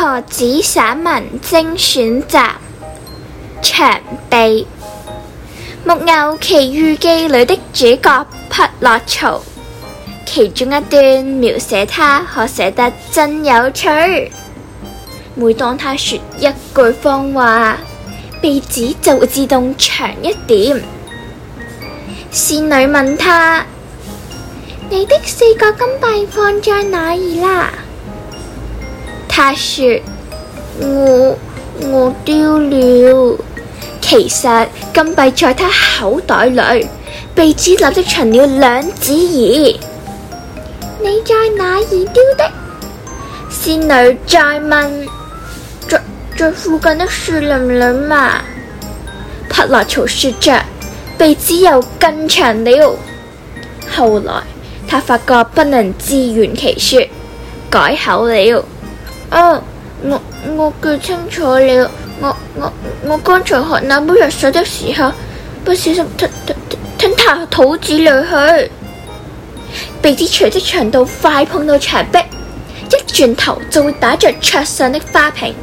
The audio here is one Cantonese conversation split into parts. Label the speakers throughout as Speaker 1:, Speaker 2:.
Speaker 1: 何紫散文精選集，長鼻木偶奇遇記裏的主角匹諾曹，其中一段描寫他可寫得真有趣。每當他說一句謊話，鼻子就會自動長一點。仙女問他：你的四個金幣放在哪兒啦？他說：我我丟了，其實金幣在他口袋裏，鼻子立即長了兩指耳。你在哪兒丟的？仙女再問。在在附近的樹林裏嘛。匹諾曹說着，鼻子又更長了。後來他發覺不能自圓其說，改口了。嗯、哦，我我記清楚了。我我我剛才喝那杯藥水的時候，不小心吞吞吞吞下肚子裏去。鼻子隨着長度快碰到牆壁，一轉頭就會打着桌上的花瓶，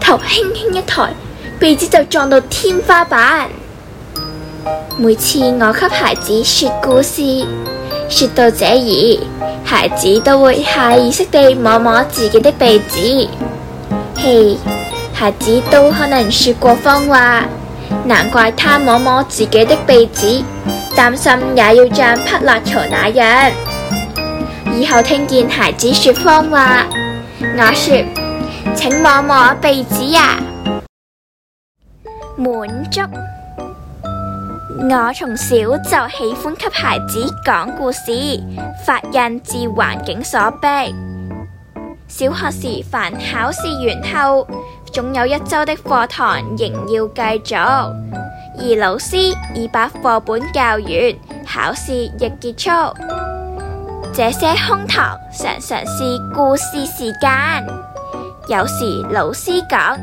Speaker 1: 頭輕輕一抬，鼻子就撞到天花板。每次我給孩子說故事，說到這裡。孩子都會下意識地摸摸自己的鼻子，嘿、hey，孩子都可能說過謊話，難怪他摸摸自己的鼻子，擔心也要像匹諾曹那樣。以後聽見孩子說謊話，我說，請摸摸鼻子呀，滿足。我從小就喜歡給孩子講故事，發軔自環境所逼。小學時，凡考試完後，總有一周的課堂仍要繼續，而老師已把課本教完，考試亦結束。這些空堂，常常是故事時間，有時老師講，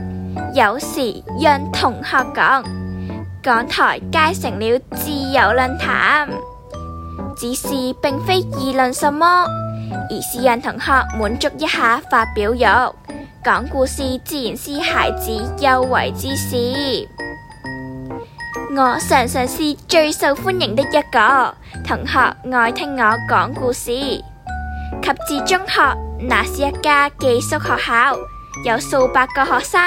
Speaker 1: 有時讓同學講。港台皆成了自由論壇，只是並非議論什麼，而是讓同學滿足一下發表欲。講故事自然是孩子優為之事，我常常是最受歡迎的一個，同學愛聽我講故事。及至中學，那是一家寄宿學校，有數百個學生，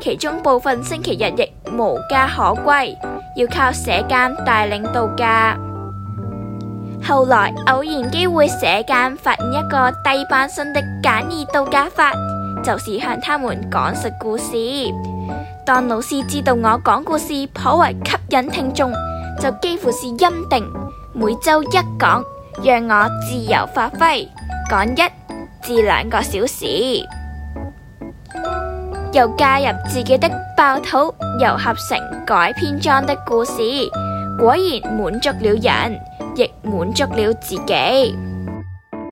Speaker 1: 其中部分星期日亦。無家可歸，要靠社監帶領度假。後來偶然機會，社監發現一個低班生的簡易度假法，就是向他們講述故事。當老師知道我講故事頗為吸引聽眾，就幾乎是欽定每週一講，讓我自由發揮，講一至兩個小時，又加入自己的。爆肚又合成改編裝的故事，果然滿足了人，亦滿足了自己。